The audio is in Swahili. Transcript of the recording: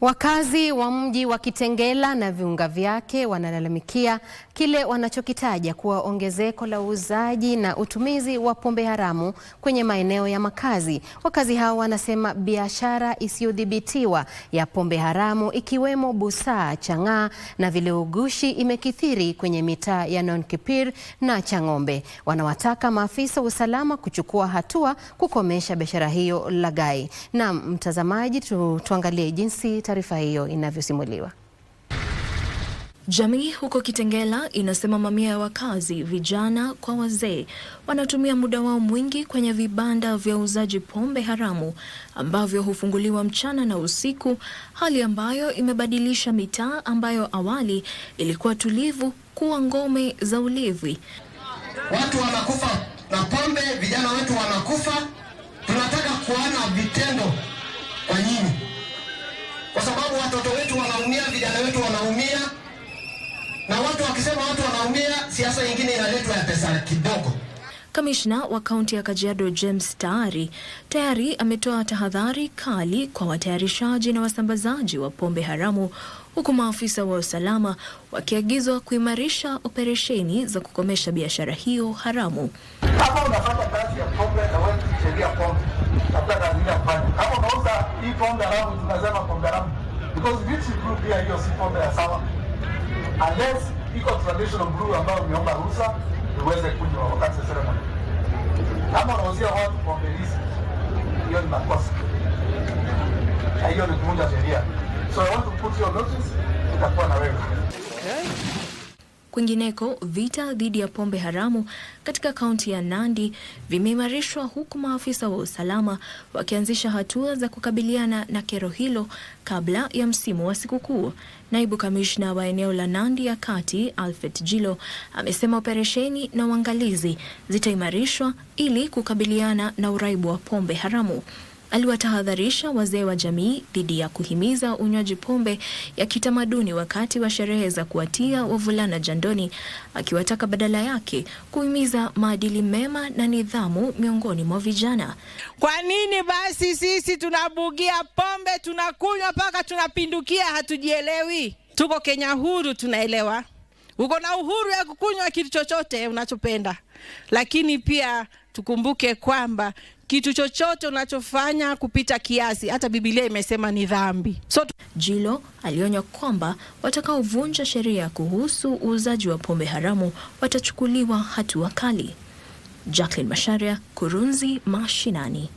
Wakazi wa mji wa Kitengela na viunga vyake wanalalamikia kile wanachokitaja kuwa ongezeko la uuzaji na utumizi wa pombe haramu kwenye maeneo ya makazi. Wakazi hao wanasema biashara isiyodhibitiwa ya pombe haramu ikiwemo busaa, chang'aa na vileugushi imekithiri kwenye mitaa ya Nonkipir na Chang'ombe. Wanawataka maafisa wa usalama kuchukua hatua kukomesha biashara hiyo lagai. Na mtazamaji tu, tuangalie jinsi taarifa hiyo inavyosimuliwa. Jamii huko Kitengela inasema mamia ya wakazi, vijana kwa wazee, wanatumia muda wao mwingi kwenye vibanda vya uuzaji pombe haramu ambavyo hufunguliwa mchana na usiku, hali ambayo imebadilisha mitaa ambayo awali ilikuwa tulivu kuwa ngome za ulevi. Watu wanakufa na pombe, vijana wetu wanakufa. Tunataka kuona vitendo kwa nyinyi, kwa sababu watoto wetu wanaumia, vijana wetu wanaumia watu wanaumia, siasa nyingine inaletwa ya pesa kidogo. Kamishna wa kaunti ya Kajiado James Taari tayari ametoa tahadhari kali kwa watayarishaji na wasambazaji wa pombe haramu huku maafisa wa usalama wakiagizwa kuimarisha operesheni za kukomesha biashara hiyo haramu. Kama unafanya kazi ya pombe na wewe sheria pombe, labda ya ufanye. Kama unauza hii pombe haramu, tunasema pombe haramu because vitu pia hiyo si pombe ya sawa unless iko traditional brew ambayo umeomba ruhusa uweze kunywa wakati wa ceremony. Kama unauzia watu pombe hizi, hiyo ni makosa, na hiyo ni kuvunja sheria. So I want to put your notice, itakuwa na wewe. Okay. Kwingineko, vita dhidi ya pombe haramu katika kaunti ya Nandi vimeimarishwa huku maafisa wa usalama wakianzisha hatua za kukabiliana na kero hilo kabla ya msimu wa sikukuu. Naibu kamishna wa eneo la Nandi ya Kati, Alfred Jilo, amesema operesheni na uangalizi zitaimarishwa ili kukabiliana na uraibu wa pombe haramu aliwatahadharisha wazee wa jamii dhidi ya kuhimiza unywaji pombe ya kitamaduni wakati wa sherehe za kuwatia wavulana jandoni, akiwataka badala yake kuhimiza maadili mema na nidhamu miongoni mwa vijana. Kwa nini basi sisi tunabugia pombe, tunakunywa mpaka tunapindukia, hatujielewi? Tuko Kenya huru, tunaelewa uko na uhuru ya kukunywa kitu chochote unachopenda, lakini pia tukumbuke kwamba kitu chochote unachofanya kupita kiasi, hata Biblia imesema ni dhambi. So Jilo alionya kwamba watakaovunja sheria kuhusu uuzaji wa pombe haramu watachukuliwa hatua kali. Jacqueline masharia Kurunzi Mashinani.